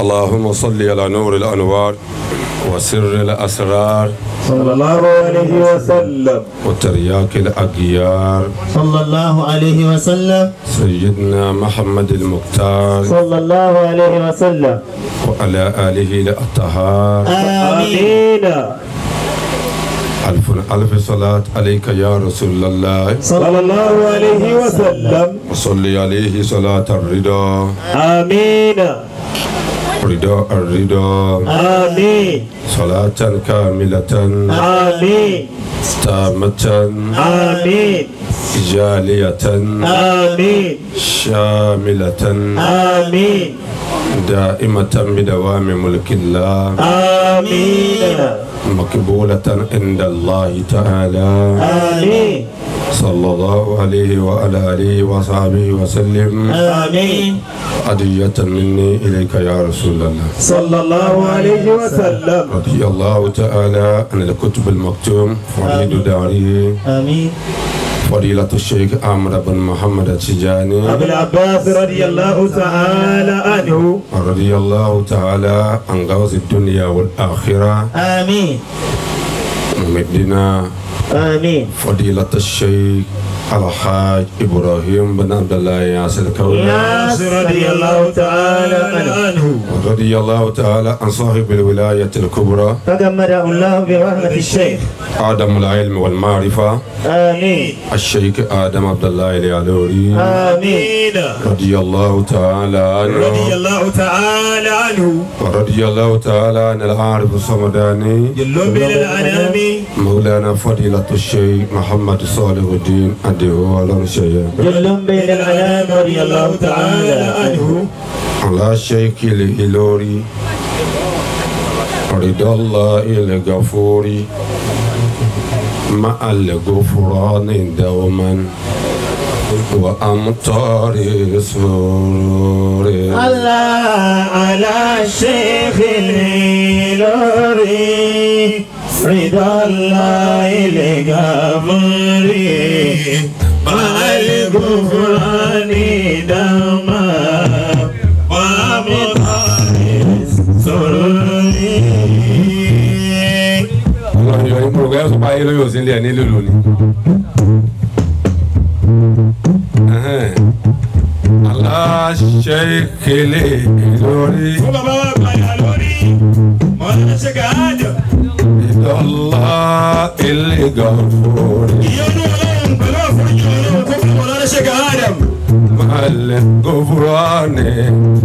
اللهم صل على نور الأنوار وسر الأسرار صلى الله عليه وسلم وترياك الأغيار صلى الله عليه وسلم سيدنا محمد المختار صلى الله عليه وسلم وعلى آله الأطهار آمين ألف ألف صلاة عليك يا رسول الله صلى الله عليه وسلم وصلي عليه صلاة الرضا آمين رضا الرضا آمين صلاة كاملة آمين تامة آمين جالية آمين شاملة آمين دائمة بدوام ملك الله آمين مقبولة عند الله تعالى آمين صلى الله عليه وعلى آله وصحبه وسلم آمين هدية مني إليك يا رسول الله صلى الله عليه وسلم رضي الله تعالى عن الكتب المكتوم فريد داره آمين فضيلة الشيخ عمرو بن محمد التجاني أبو العباس رضي الله تعالى عنه رضي الله تعالى عن غوث الدنيا والآخرة آمين Medina. amiin. fadilat ash-Shaykh الحاج إبراهيم بن عبد الله ياسر ياسر رضي الله تعالى عنه رضي الله تعالى عن صاحب الولاية الكبرى تدمر الله برحمة الشيخ آدم العلم والمعرفة آمين الشيخ آدم عبد الله اليالوري آمين رضي الله تعالى عنه رضي الله تعالى عنه ورضي الله تعالى عن العارف الصمداني مولانا فضيلة الشيخ محمد صالح الدين يدعو ولم شيئا جل بين الأنام رضي الله تعالى عنه على شيخ الإلوري رضا الله الغفور مع الغفران دوما وأمطار سرور الله على شيخ الإلوري رضا الله لغفري مع الغفران دما ومطار سروري Olùgbé ọ̀sùn báyé lórí òsín lé ẹ̀ nílùú lónìí. lórí. Ó bàbá ṣe ká. Allah ilé gàfúrì. ìyọnu ọlọ́run pẹ̀lú àforíjì ọlọ́run kó fún ọlọ́run ṣe ká Adam. Màlẹ̀ gòfúránì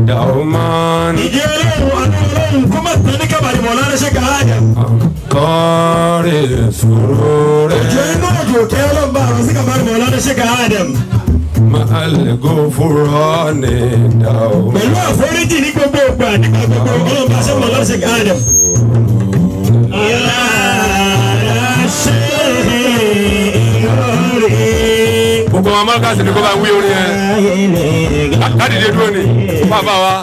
dàwọ́mán. ìdí ọlọ́run àti ọlọ́run kó má tán ní kábàdì mọ̀ ọlọ́run ṣe ká Adam. kọ́ọ̀rì sòrò rẹ̀. òjò inú òjò kẹ́ ọlọ́run bá àrùn sí kábàdì mọ̀ ọlọ́run ṣe ká Adam. Màlẹ̀ gòfúránì dàwọ́mán. pẹ̀lú àforíjì ní gbogbo ìgbà nígbà gbogbo ọlọ́run bá ṣe mọ̀ ọlọ́run ṣe ká Adam. gbogbo wọn mọ́ká sí ni kó bá ń wí orin yẹn kádìdé dúró ni bàbá wa.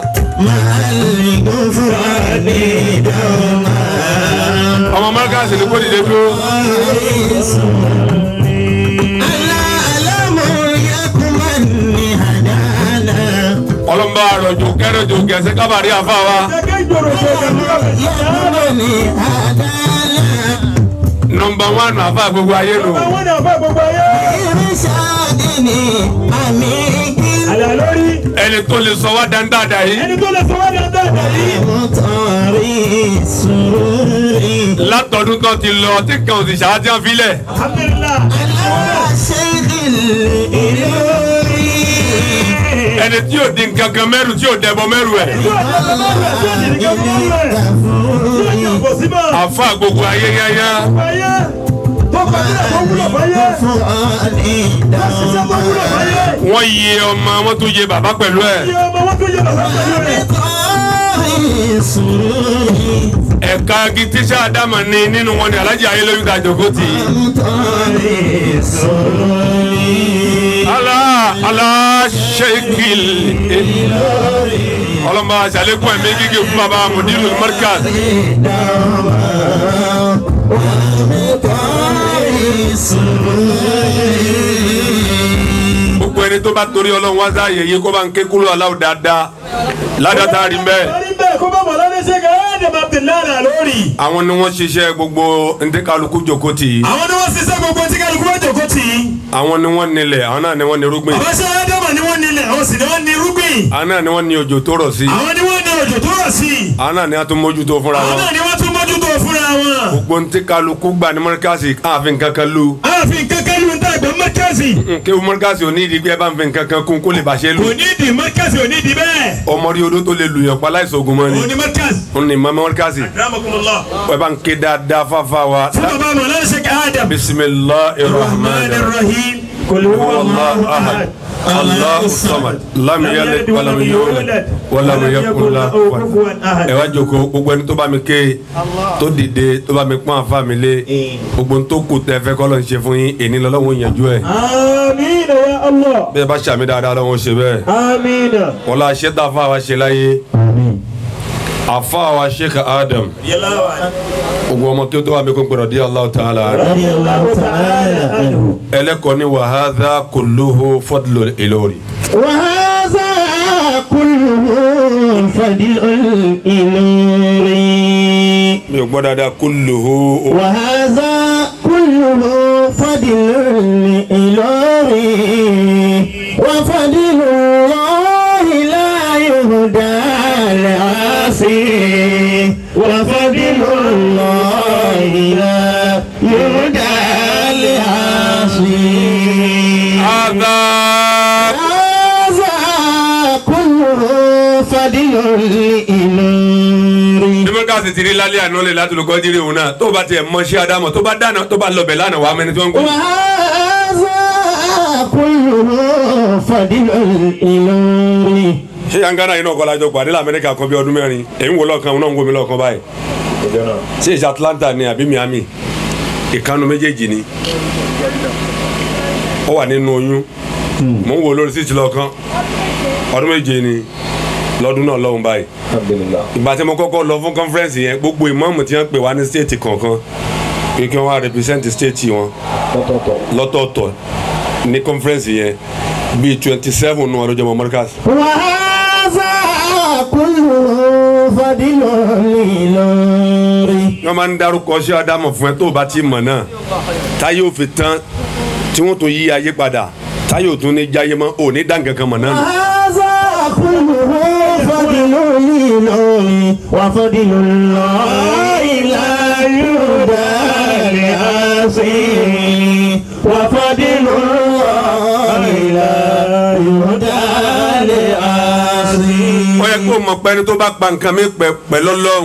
ọmọ mọ́ká sí ni kó dìde dúró. ọlọ́mọba àròjù kẹrẹ̀jù gẹ̀ẹ́sẹ̀ kábàárì àfa wa nọmba wánù àfa gbogbo ayé lò. nọmba wánù àfa gbogbo ayé. irinṣẹ́ adé ni àmì igi. àlà lórí. ẹni tó lè sọ wá dáadáa yìí. ẹni tó lè sọ wá dáadáa yìí. àmọ̀tọ́rí sùúrì. látọ̀dún kan ti lọ ọtí kan ò sì ṣáájú àfilẹ̀. alhamdulilayi. aláṣẹ́ ìlú ẹni tí yóò di nǹkan kan mẹ́rù tí yóò dẹbọ mẹ́rù ẹ̀. àfa gbogbo ayé yáyá. wọ́n yẹ ọmọ wọn tó yẹ bàbá pẹ̀lú ẹ̀ ẹ̀ka agi tíṣà dámọ̀ ni nínú wọn ni alájà ayélujára jòkó tì í aláṣẹ́kìlì ọlọ́mọ àṣàlékún ẹ̀mí gígé fún bàbá mudiru markaz. gbogbo ẹni tó bá torí ọlọ́run wá sáàyè yìí kó bá ń ké kúlọ̀ aláwọ̀ dáadáa ládàá tá a rí mbẹ́. kó bá mọ̀ lọ́dún ṣe kẹ́. Adam Abdullahi Alori. àwọn ni wọ́n ṣiṣẹ́ gbogbo ntẹ́kálukú jòkó tì. àwọn ni wọ́n ṣiṣẹ́ gbogbo ntẹ́kálukú jòkó tì. àwọn ni wọ́n nílẹ̀ àwọn náà ni wọ́n ní irúgbìn. àwọn ṣe Adam ni wọ́n nílẹ̀ àwọn sì ni wọ́n ní irúgbìn. àwọn náà ni wọ́n ní òjò tó rọ̀ sí. àwọn ni wọ́n ní òjò tó rọ̀ sí. àwọn náà ni wọ́n tún mójútó fúnra wọn. àwọn náà ni wọ́n tún mójútó fúnra wọn. gbogbo ntẹ́kálukú gbani mọ́ríkàsì ààfin kankan lu. ààfin kankan lu àgbà mọ́kẹ́sì. kéwù mọ́kẹ́sì ò ní ìdí gbé bá ń fi nǹkan kan kún kó lè bàṣẹ lù. kò ní ìdí mọ́kẹ́sì ò ní ìdí bẹ́ẹ̀. ọmọ rí odó tó lè lùyàn pa láìsọ ogun mọ́ ni. òní mọ́kẹ́sì. òní mọ́kẹ́sì. wọ́n bá ń ké dáadáa fáfá wa. fún bàbá mọ̀lá ṣe ká Adam. bismillahir rahmanir rahim. kò lè wọ́n mọ́ Allahu samad lam yalid walam yulad walam yakun lahu kufuwan ahad. ẹ wá jókòó gbogbo ẹni tó bá mi ké tó dìde tó bá mi pọ́n àfa mi lé gbogbo tó kù tẹ fẹ́ kọ́ ló ń ṣe fún yín èyí lọ́lọ́wọ́ yanjú ẹ̀. amiina ya Allah. bí ẹ bá ṣàmì dáadáa lọ́wọ́ ṣe bẹ́ẹ̀. amiina. wọ́n la ṣe tá wa ṣe láyé. amiina afa wa sheikh adam gbogbo ọmọ kí o tó wà mí kó gbọdọ di aláwọ tààlà ẹlẹkọọ ni wàhálà kòlóhó fọdùlọ ìlọrin. wàhálà kòlóhó fọdùlọ ìlọrin. mi ò gbọ́ dáadáa kòlóhó. wàhálà. àná lè látòlù kọ́dírì òun náà tó bá tiẹ̀ mọ sí adamu tó bá dáná tó bá lọbẹ̀ lánàá wàá mẹni tó ń gbọ́. wàhálà kúlù fàdílọ̀ Ìlọrin. ṣé yangana yìí náà kọ́ lajọ pàdé lamẹ́ríkà kan bí ọdún mẹ́rin èyí ń wọ lọ́ọ̀kan náà ń wọ mi lọ́ọ̀kan báyìí. ṣé ìṣe Atlanta ni àbí Miami ìkànnì méjèèjì ni ó wà nínú oyún mò ń wo lórí sí ìtìlọ́kan ọdún méje ni lọ́dún náà lọ́hùn báyìí ìgbà tí mo kọ́kọ́ lọ fún conference yẹn gbogbo ìmọ̀ọ́mù tí wọ́n pè wá ní state kọ̀ọ̀kan pé kí wọ́n wá represent state wọn lọ́tọ̀ọ̀tọ̀ ní conference yẹn bíi twenty seven nù ọdún jọmọ Markaz. wàhálà kúrò fadìlọ lórí. wọ́n máa ń dárúkọ sí adamu fún ẹ tó o bá ti mọ̀ náà táyé òfin tán tí wọ́n tún yí ayé padà táyé òtún ní jáyé mọ́ òní dàǹkankan mọ̀ náà. wàhálà kúrò. وفضل لله وفضل الله لا يهدى لعاصي وفضل الله لا يهدى لعاصي. ó yẹ kó mọ̀ pé ẹni tó bá pa nǹkan mi pẹ̀ pẹ̀lú ọlọ́run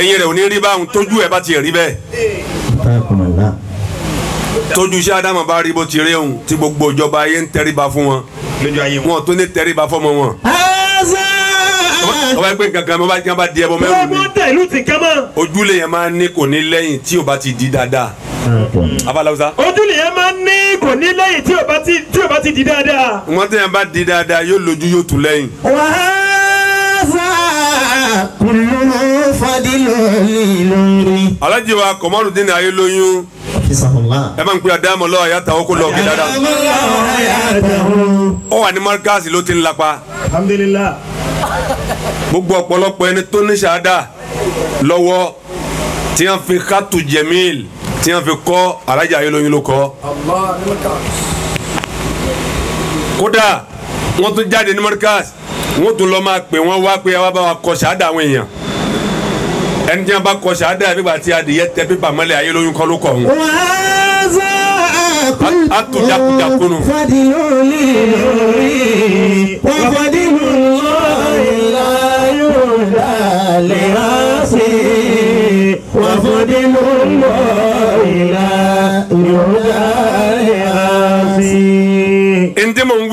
ẹ̀yin rẹ̀ ò ní rí báwọn tójú ẹ̀ bá ti rí bẹ́ẹ̀ tójú iṣẹ́ adamu bá rí bó ti rí òun tí gbogbo ìjọba ayé ń tẹríba fún wọn wọn tó ní tẹríba fọ́mọ wọn ọba pé kankan bá jẹ́ bá di ẹbọ mẹ́rù mi. ọmọ tẹ̀lú ti kẹ́ mọ́. ojúlé yẹn máa ń ní kò ní lẹ́yìn tí o bá ti di dáadáa. afalawusa. ojúlé yẹn máa ń ní kò ní lẹ́yìn tí o bá ti tí o bá ti di dáadáa. ọmọ tẹ̀yẹn bá di dáadáa yóò lójú yóò tún lẹ́yìn. wàhálà kùlù fadìlú lórí. alájí wa kọ̀mọ́rù dín ní ayé lóyún. ẹ máa ń pè àdámọ́ ọlọ́wọ́ àyàtà ó kó lọ kí dáadáa. ó wà ní márkàsì ló ti ń lapa. gbogbo ọ̀pọ̀lọpọ̀ ẹni tó ní sàádà lọ́wọ́ tí wọ́n fi kátó jẹ̀míl tí wọ́n fi kọ́ alájí ayé lóyún ló kọ́. kódà wọ́n tún jáde ní márkàsì wọ́n tún lọ́ọ́ máa pè wọ́n wá pé wá bá wa kọ ṣáádà àwọn èèyàn ẹni tí wọ́n bá kọ ṣáádà bí wàá ti adìyẹ tẹ pépà mọ́lẹ̀ ayé lóyún kọ́ ló kọ̀ wọn. a tún jakuja kunu. fadiloli lori wa fadiloli la yóò dalẹ̀ wá sí wa fadiloli.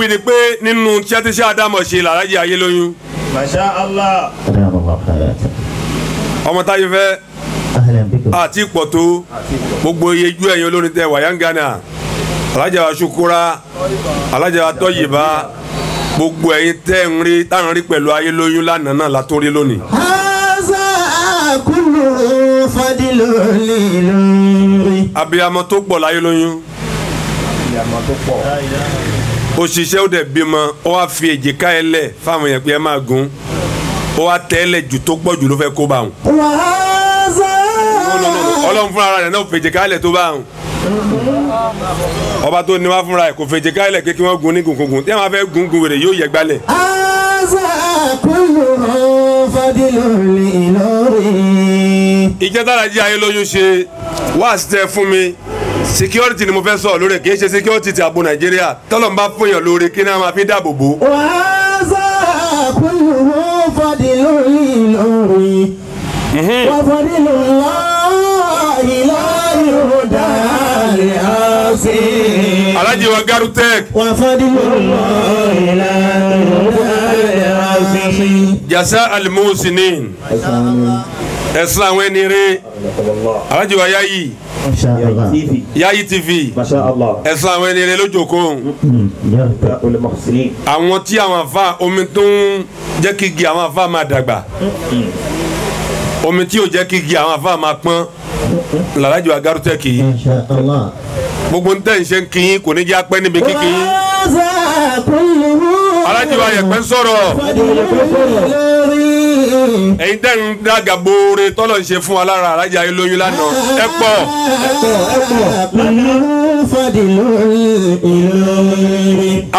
wí ni pé nínú tíṣẹ́ àdámọ̀ ṣe làlájì ayé lóyún. masha allah. ọmọ táyé fẹ́ àti pọ̀ tó gbogbo iye ẹ̀yin olórin tẹ wàyángánà alájà ṣukura alájà wa gbogbo ẹ̀yin tẹ́ ń rí táwọn rí pẹ̀lú ayé lóyún lánàá náà látúrí lónìí. haza akulu fadilu lilorin. abiyamọ tó pọ̀ láyé lóyún. abiyamọ tó pọ̀ òṣìṣẹ́ ó dẹ̀ bímọ ó wá fi èjìká ẹ lẹ̀ fáwọn èèyàn pé ẹ máa gun ó wá tẹ́ ẹ lẹ̀ jù tó pọ̀ jù ló fẹ́ kó bá wọn. ọlọ́run fúnra ara rẹ̀ náà fèjì káyọ̀lẹ̀ tó bá wọn. ọba tó ní wá fúnra ẹ̀ kò fèjì káyọ̀lẹ̀ pé kí wọ́n gun ní gungungun tí wọ́n fẹ́ gun gun wèrè yóò yẹ gbálẹ̀. ìjẹ́ tára jí ayé lóyún ṣe wá sí tẹ fún mi security ni mo fẹ́ sọ lórí kì í ṣe security ti ààbò nàìjíríà tọ́lọ̀ ń bá fún yàn lórí kí náà máa fi dáàbò bò. wàá sá àpéwò fàdé lórí lórí wà fàdé lọ́la ìlà yóò dá lè á sí. alájí wa garutek. wà fàdé lọ́la ìlà yóò dá lè á sí. jasa alimusinin ẹ̀sán àwọn ẹni rẹ̀ alájí wa yá yìí yayi tv ẹ̀sán àwọn ẹni rẹ lójókòó hmm, àwọn tí àwọn afa omi tó ń jẹ́ kí igi àwọn afa máa dàgbà hmm. omi tí yóò jẹ́ kí igi àwọn afa máa pọ́n làlájò agarutẹ́kì yìí gbogbo ń tẹ̀ ń ṣe ń kí kò ní jẹ́ apẹ́ níbi kíkí yín alájò ayẹ̀pẹ́ sọ̀rọ̀. ẹ̀yin dẹ́rùn dàgà boore tọ́lọ̀ ń ṣe fún wa lára alájà olóyún lánàá ẹ pọ̀.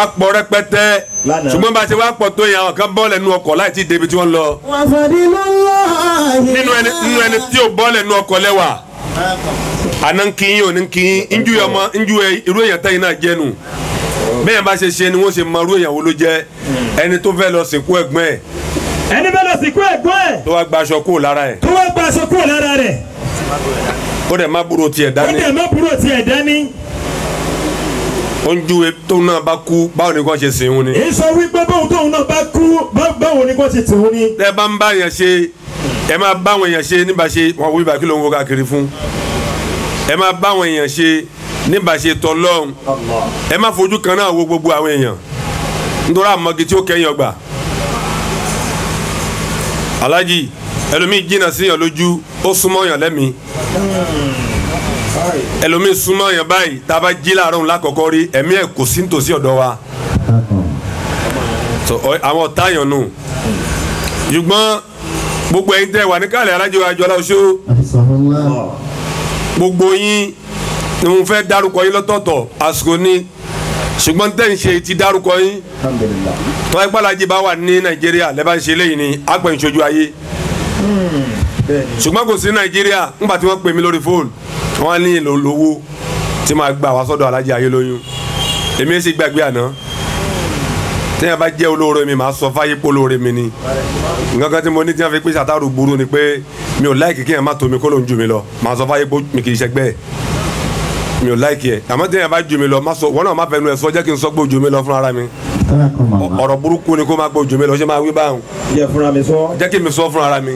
a pọ̀ rẹpẹtẹ ṣùgbọ́n bá a ṣe wá pọ̀ tó yẹn àwọn kan bọ́ lẹ́nu ọkọ̀ láì tí ì débi tí wọ́n lọ. nínú ẹni tí ò bọ́ lẹ́nu ọkọ̀ lẹ́wà àná ń kí yín ò ní kí yín ni wọ́n ṣe mọ irú èèyàn wo ló jẹ́ hmm. ẹni tó fẹ́ lọ ẹni bẹ́ẹ̀ lọ sìnkú ẹ̀gbọ́n ẹ̀. tó wá gbaṣọ kúrò lára ẹ̀. tó wá gbaṣọ kúrò lára rẹ̀. ó dẹ̀ má búrò tiẹ̀ dání. ó dẹ̀ má búrò tiẹ̀ dání ó ń júwe tóun náà bá kú báwo ni kò ṣe sìn òun ni. èyí sọ wípé báwo tóun náà bá kú báwo ni kò ṣe sìn òun ni. ẹ bá ń bá yẹn ṣe ẹ máa bá àwọn èèyàn ṣe nígbà ṣe wọn wí bá kí ló ń wo káàkiri fún ẹ máa bá àwọn èèyàn ṣe nígbà ṣe tọ lọ́hùn ẹ má fojú kan náà wo gbogbo àwọn èèyàn nítorí àmọ́gi tí ó kẹ́yìn ọgbà alájì ẹlòmíì jìnnà sí yàn lójú ó súnmọ́ yàn lẹ́mìí ẹlòmíì súnmọ́ yàn báyìí tá a bá jí láàárọ̀ ńlá kọ̀ọ̀kan rí ẹ̀mí ẹ̀ kò sí nítòsí ọ̀dọ̀ wa àwọn ọ̀tá yàn nù ṣùgbọ́n gbogbo ẹ̀yin tẹ́ wà níkàlẹ̀ alájì wa jọlá oṣó gbogbo yín ni mo fẹ́ dárúkọ yín lọ́tọ̀ọ̀tọ̀ àsìkò ní ṣùgbọ́n tẹ́ ń ṣe ti dárúkọ yín tọ́ ẹ gbàlajì bá wà ní nàìjíríà lẹ́bà ń ṣe léyìn ni àgbẹ̀ ń ṣojú ayé hmm, ṣùgbọ́n kò sí nàìjíríà nígbà tí wọ́n pè mí lórí fóònù wọ́n ní ìlò lówó tí màá gbà wá sọ́dọ̀ alájí ayé lóyún èmi ẹ̀ sì gbàgbé àná tẹ́yìn bá jẹ́ olóore mi màá sọ fáyé pé olóore mi ni nǹkan kan tí mo ní tí wọ́n fi pèsè àtàrò burú ni pé mi ò láì kíkẹ́ yẹn má tó mi kó ló ń jù mí lọ màá sọ fáyé pé mi kì í ṣẹgbẹ́ ẹ̀ mi ò láìkì ẹ àmọ́ tẹ̀yìn bá jù mí lọ wọn náà má fẹnu ẹ sọ jẹ́ kí n sọ pé o jù mí lọ fúnra mi ọ̀rọ̀ burúkú ni kó má pé o jù mí lọ ṣé máa wí báwọn. jẹ́ kí mi sọ fúnra mi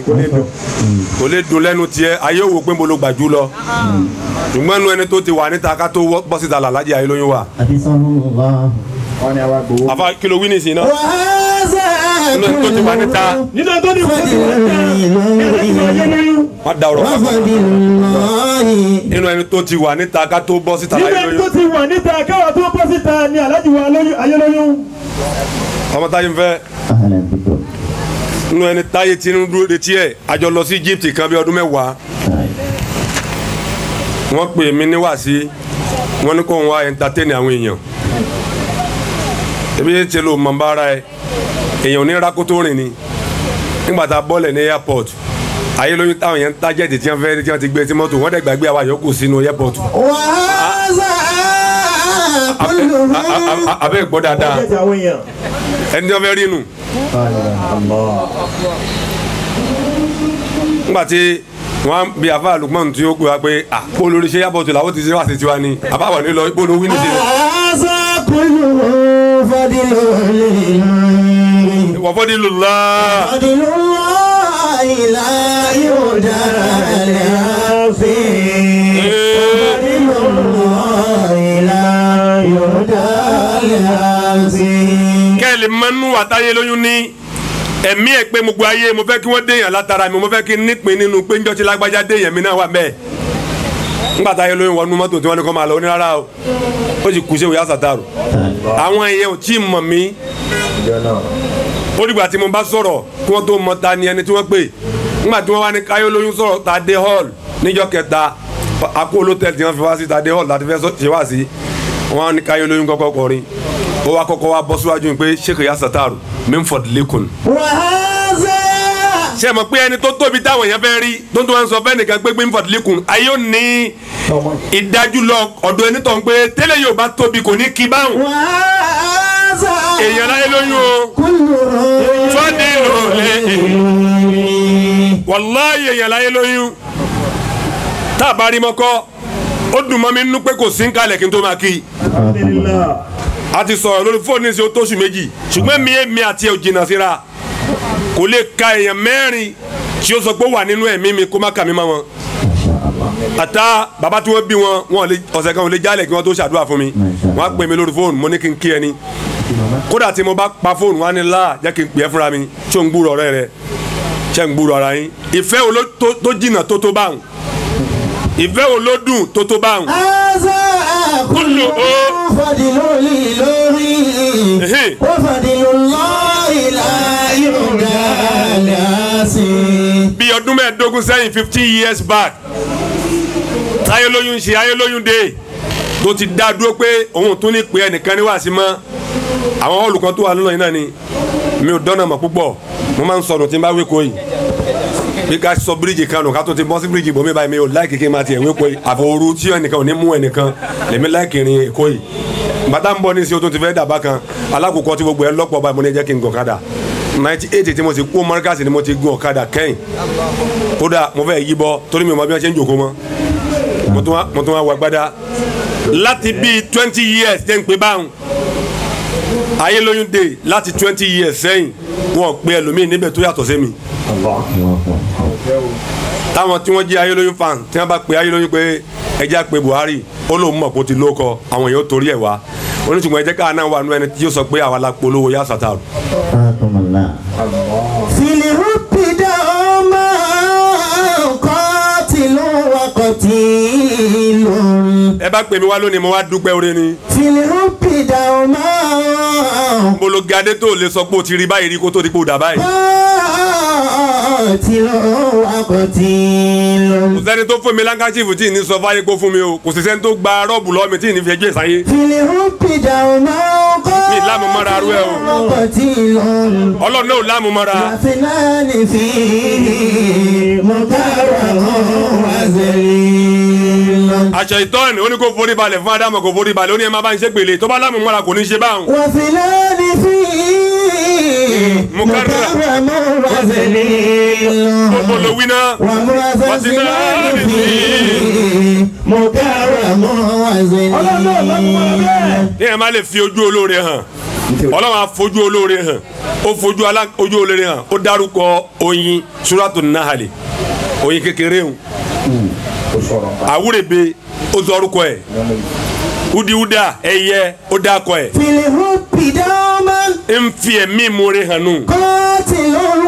kò lè dùn lẹ́nu tiẹ̀ ayé wò pé mo lo gbàjú lọ ṣùgbọ́n nu ẹni tó ti wà níta ká tó bọ́ síta làlájì ayé lóyún wa. àfa kí ló wí nìsín náà nínú tó ti wà níta. nínú tó ti wà níta. má da ọ̀rọ̀ pàpà. nínú ẹni tó ti wà níta ká tó bọ́ síta láyé lóyún. nínú ẹni tó ti wà níta káwá tó bọ́ síta ni aláàjì wa ayé lóyún. ọmọ táyé ń fẹ́ nínú ẹni táyé tinubu retí ẹ àjọ lọ sí Egypt kan bí ọdún mẹ́wàá wọ́n pè mí níwàásí wọ́n ní kó n wá entertain àwọn èèyàn ebi yẹn ti lo mọ̀ n bá ara ẹ èèyàn onírà kó tó rìn ni nígbà tá a bọ́lẹ̀ ní airport ayé lóyún táwọn yẹn ń tájẹ̀tì tí wọ́n fẹ́ tí wọ́n ti gbé tí mọ́tò wọ́n dẹ̀ gbàgbé àwa yòókù sínú airport. abẹ́ gbọ́ dáadáa ẹni tí wọ́n fẹ́ rí nù. nígbà tí wọn bí afa Lukman tí ó gbé wa pé ah kó lórí airport làwọn ti ṣe wá sí tiwa ni àbáwọ̀ nílò ìpolówó ní ṣe wàfọ́dínlùlá. wàfọ́dínlùlá ìlà yóò dára lẹ́ àfẹ́. wàfọ́dínlùlá ìlà yóò dára lẹ́ àfẹ́. kẹ́lì mọ́nú àtàyè lóyún ní ẹ̀mí ẹ̀ pé gbogbo ayé mo fẹ́ kí wọ́n déyàn látara mi mo fẹ́ kí n nípìn nínú pé njọ́ ti lágbájá déyàn mi náà wà mẹ́ẹ̀ nígbà táyé lóyún wọnú mọ́tò tí wọ́n ní kọ́ máa lọ onírárá o ó sì kú sí òyà sàtàrò àwọn èèyàn ò tí ì mọ̀ mí ó dìgbà tí mo bá sọ̀rọ̀ kí wọ́n tó mọ ta ni ẹni tí wọ́n pè nígbà tí wọ́n wá ní káyọ́lóyún sọ̀rọ̀ tàdé hall níjọ́ kẹta àkó olótẹ́lì tí wọ́n fi wá sí tàdé hall láti fẹ́ ṣe wá sí wọ́n á ní káyọ́lóyún kọ́kọ́ kọrin ó wá kọ́kọ́ wá bọ́ síwájú pé sheikh ya sataru mimford lekun. ṣé mọ̀ pé ẹni tó tóbi táwọn èèyàn fẹ́ rí tó ń tó wá sọ fẹ́ nìkan pé mimford lekun ayé ò ní ìdájú lọ ọ̀dọ̀ ẹni tó ń pé tẹ́lẹ̀ yóò bá tóbi kò ní kí báwọn èèyàn láyé lóyún o fọ́ọ̀dì lòlẹ́ wàláyé èèyàn láyé lóyún tá a bá rí mọ́kọ́ ó dùn mọ́ mi nínú pé kò sí ń kalẹ̀ kí n tó máa kí i a ti sọ̀rọ̀ lórí fóònù ní ìṣe tó oṣù méjì ṣùgbọ́n mi èmi àti ẹ̀ ò jìnnà síra kò lè ka èèyàn mẹ́rin tí ó sọ pé ó wà nínú ẹ̀mí mi kó má kà mí mọ́ wọn ata baba tí wọ́n bí wọn wọn ọ̀sẹ̀ kan ò lè jálẹ̀ kí wọ́n tó ṣàdúrà fún mi wọ́n á pè mí lórí fóònù mo ní kí n kí ẹni kódà tí mo bá pa fóònù wa ni la jẹ́ kí n pè é fúnra mi tí ń gbúrò ọ̀rẹ́ rẹ ṣe ń gbúrò ara yín ìfẹ́ wo tó jìnnà tó tó báwọn ìfẹ́ wo ló dùn tó tó báwọn. ẹ̀sẹ̀ àkùnrin ó fàdí lórí lórí ó fàdí lórí láyé ọ̀gá àlàáṣe. bí ọdún mẹ́ẹ̀ẹ́dógún sẹ́yìn fifteen years back ayélóyún ṣe ayélóyún dé tó ti dá dúró pé òun tún lè pè ẹnìkan ní wàásí mọ́ àwọn olùkọ́ tó wà lọ́nà yìí náà ni mi ò dọ́nà mọ̀ púpọ̀ mo máa ń sọ̀rọ̀ tí n bá wéko yìí bí ká sọ bíríìjì kan nù ká tó ti bọ́ sí bíríìjì bòmí báyìí mi ò láì kékeré máa tiẹ̀ wéko yìí àfọwọ́rú tí ẹnìkan ò ní mú ẹnìkan lèmi láì kiri èkó yìí bàtà ń bọ̀ ní sí o tó ti fẹ́ dàbá kan alákòókò tí gbogbo ẹ lọ́pọ̀ báyìí mo ní jẹ́ kí n gọ̀kadà ninety eight tí mo ti kó mọ́ríkàsì ni mo ti gun ọ̀kadà kẹ́yìn kódà mo fẹ́ yí bọ́ torí mi ò mọ bí wọ́n ṣe ń jòkó mọ́ mo tún wá wọ agbádá láti bíi twenty years jẹ́ ń pè báwọn ayélóyún dé láti twenty years sẹ́yìn wọn ò pe ẹlòmíì níbẹ̀ tó yàtọ̀ sí mi táwọn tí wọ́n jẹ́ ayélóyún fan tí wọ́n bá pe ayélóyún pé ẹjẹ́ àpè Buhari ó lóun mọ̀ kó ti ló kọ àwọn èèyàn ó torí ẹ̀ wá oníṣùgbọ́n ẹjẹ́ káà náà wà nú ẹni tí yóò sọ pé àwa la polówó yá sàtàrù. kọtí lòun. ẹ bá pè mí wá lónìí mo wá dúpẹ́ oore ni. tìlú pìdà ò mọ́. mo lo gadé tó lè sọ pé o ti rí báyìí rí kó tó di pé o dà báyìí. kọtí ah, lòun wá kọtí lòun. kò sẹ́ni tó fún mi láńkàṣífù tí ì ní sọ fáyé kó fún mi o kò sì sẹ́ni tó gba rọ́ọ̀bù lọ́ọ́ mi tí ní fi ẹjọ́ ìsáyé. tìlú pìdà ò mọ́ mi láàmú mọ́ra arú ẹ o. ọlọ́run náà láàmú mọ́ra. àfinà ní fi mọ̀ká wà àṣẹ ìtọ́ni ó ní kó forí balẹ̀ fún Ádámù kó forí balẹ̀ ó ní ẹ má bá ń ṣe pẹ̀lẹ́ tó bá lámù mọ́ra kò ní ṣe báwọn. wàsílẹ̀ ni fi mukara mu wàsílẹ̀ lọ. ọpọlọ wina wàsílẹ̀ ni fi mukara mu wàsílẹ̀ lọ. ní ẹ má lè fi ojú olóore hàn ọlọ́run afojú olóore hàn ó fojú ojú olóore hàn ó dárúkọ oyin suratu nahali oyin kékeré ń àwúrẹ́bẹ ó sọ orúkọ ẹ̀ wúdiwúdà ẹyẹ ó dákọ ẹ. fìlìhù pìdánmọ́. ń fi ẹ̀mí ìmúre hàn nù. kọ́ọ̀tì ló ń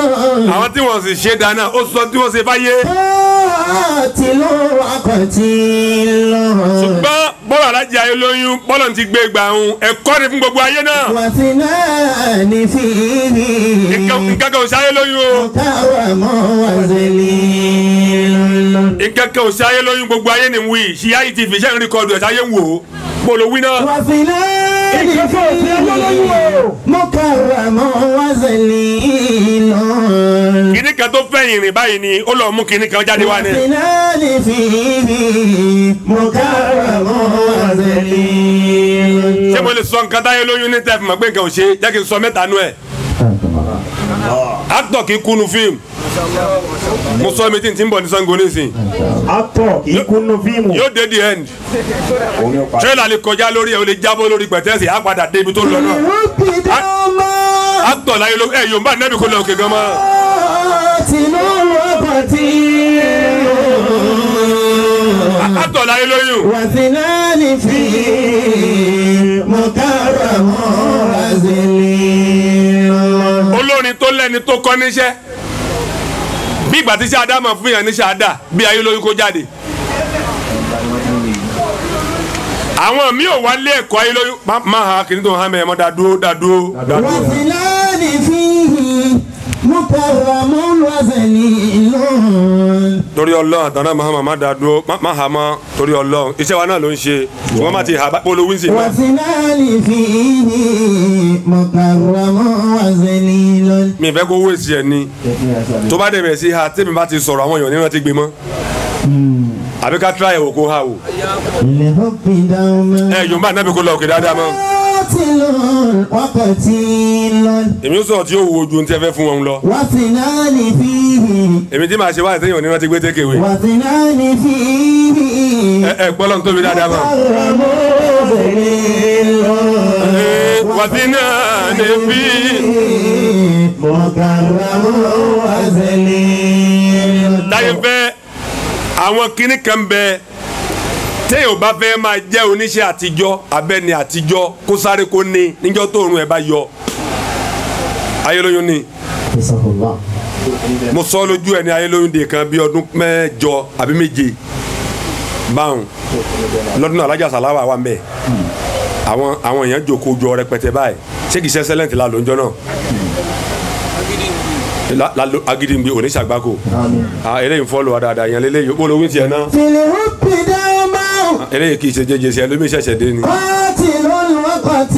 àwọn tí wọ́n sì ṣe dáná ó sọ tí wọ́n ṣe fáyé. tí ló wà kàn tí lọ. ṣùgbọ́n bọ́lá alájà olóyún bọ́lá ti gbé gbà ń ẹ̀kọ́ ni fún gbogbo ayé náà. wà sí náà ní fi ìhì. nǹkan kan lóyún o. ọ̀tá wà wà sẹ́lẹ̀ lọ́lọ́. nǹkan kan lóyún gbogbo ayé ni wí ṣíyá yìí ti fi iṣẹ́ ń ẹ̀ ṣáyé wò ó. bọ́ọ̀lù wí náà. wà sí náà ẹnì kan fi ọwọ́ lóyún o. mo kọ wà mọ́ tó fẹ́ ìrìn báyìí ni ó lọ mú kìnní kan jáde wá ni. ìfìlẹ́lì fi mi mo kọ wà mọ́ wá sẹ́lẹ̀ ṣé mo lè sọ nǹkan táyé lóyún ní tẹ́fù mọ̀ pé nǹkan ò ṣe jẹ́ kí n sọ mẹ́ta nú ẹ̀ actor kì í kunu fíìmù mo sọ mi tí n ti ń bọ̀ ní Ṣàngó nísìnyí. actor kì í kunu fíìmù. yóò dé the end tírélà lè kọjá lórí ẹ o lè jábọ́ lórí pẹ̀tẹ́sì á padà dé ibi tó lọ náà actor láyé ló ẹ yorùbá nẹ́bí kò lọ òkè gan mọ́. tìlú wọ́pọ̀ tí. actor láyé lóyún. wàsílẹ̀ ní fi mọ̀kárà mọ́ àzẹ́lẹ̀ lẹ́ni tó kọ́ níṣẹ́ bí ìgbà tí sáadá mọ̀ fún yàn ní sáadá bí ayé lórí kó jáde àwọn mi ò wá lé ẹ̀kọ́ ayé lórí máa ha kìnnìkan hàn mẹ́ ẹ̀ mọ́ dá dúró dá dúró dá dúró mukarramu wazalilun. torí ọlọ́run àtàná mahama má da dúró má hà mọ́ torí ọlọ́run iṣẹ́ wa náà ló ń ṣe wọ́n má ti hà bá polówó ń sè. wàsínáàlì fi ìyí mukarramu wazalilun. mi fẹ́ kó wéèsì ẹ̀ ni tó bá dẹ̀bẹ̀ sí ha tẹ́mi bá ti sọ̀rọ̀ àwọn èèyàn níran ti gbé mọ́ àbí ká tíráyẹ̀wò kó ha o. ẹ̀ yorùbá nàbí kó lọ òkè dáadáa mọ́ batilun wa qatilun. èmi ó sọ̀rọ̀ tí yóò wo ojú ohun tí ẹ fẹ́ fún wọn lọ. wà á fi náà ní fíìhì. èmi tí màá ṣe wáyé sẹ́yìn oníran ti gbé tékèwé. wà á náà ní fíìhì. ẹ ẹ gbọ́dọ̀ tóbi dáadáa mọ́. wà á náà ní fíìhì. mọ̀kàràmọ́ wà á zẹ̀lẹ̀. táyé fẹ́ àwọn kìnnìkan bẹ́ẹ̀ téèyàn bá fẹ́ máa jẹ́ oníṣẹ́ àtijọ́ abẹ́ni àtijọ́ kó sáré kó ní níjọ́ tóòrùn ẹ̀ bá yọ ayélujá ni mo sọ lójú ẹ ní ayélujá de kan bí ọdún mẹ́jọ àbí méje báwọn lọ́dún náà alájà sàláwà wà mẹ́ẹ̀ àwọn àwọn èèyàn jòkó jọ rẹpẹtẹ báyìí ṣé kìí ṣe excellent la ló ń jọ náà lalo agidi nbi oníṣàgbákò ah, eléyìí fọlọ wa dáadáa yẹn lélẹyìí olówó tiẹ̀ náà. tìlẹ̀ ó pè dáhùn eléyìí kì í ṣe jẹjẹ sí ẹlòmíì ṣẹ̀ṣẹ̀ dé ni. pàtì lónìí wọn pàtì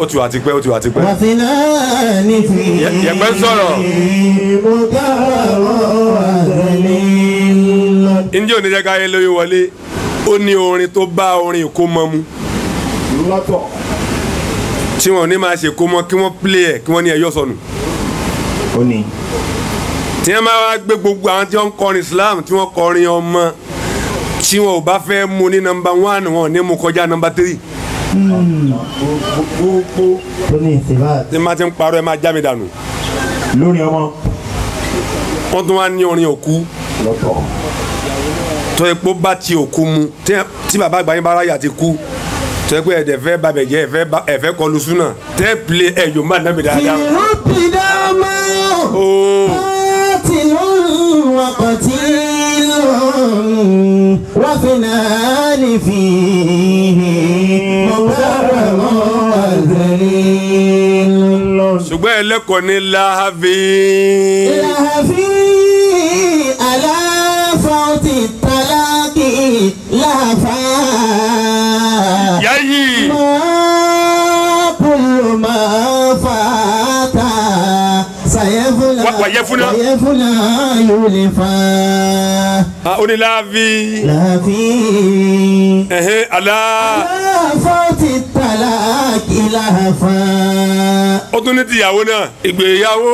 ó ti wà ti pẹ́ ó ti wà ti pẹ́. wàtí náà ní fi yẹpẹ́ sọ̀rọ̀. mo dáwọ́ àtẹ̀lé lọ. ǹjẹ́ òní jẹ́ ká yẹ lórí wọlé ó ní orin tó bá orin ìkómọ mu. lọ́tọ̀. tí wọn ò ní máa ṣe kómọ kí wọ́n play ẹ̀ kí wọ́n ní ẹyọ sọnù. ó ní. tí wọ́n máa wá gbé gbogbo àwọn tí wọ́n kọrin Islam tí wọ́n kọrin ọmọ tí wọn ò bá fẹ́ mu ní nọmba one wọn ní mu kọjá nọmba three. gbogbo tí n bá ti ń parọ́ ẹ máa já mi dànù. lórí ọmọ. wọ́n tún wá ní orin òkú tọ́ ẹ pé bá ti òkú mu tí bàbá àgbà yín bá ráyà ti kú tọ́ ẹ pé ẹ̀dẹ̀ fẹ́ babẹ̀ jẹ́ ẹ̀fẹ́ kọlu súnà tẹ́ ẹ pilẹ̀ ẹ̀yọ́ nàbẹ̀dẹ̀ àdá. tìrọ̀pì máa ń tìrọ̀. وقتيل وفي الآل فيه مكرم وذليل ṣùgbọ́n ẹlẹ́kọ̀ọ́ ní láhàfíì. láhàfíì. yẹfuna. yẹfuna yóò lè fa. a o ni laafi. laafi. ẹhẹn ala. aláfọ ti tala kila fa. o tún ní tìyàwó náà ìgbéyàwó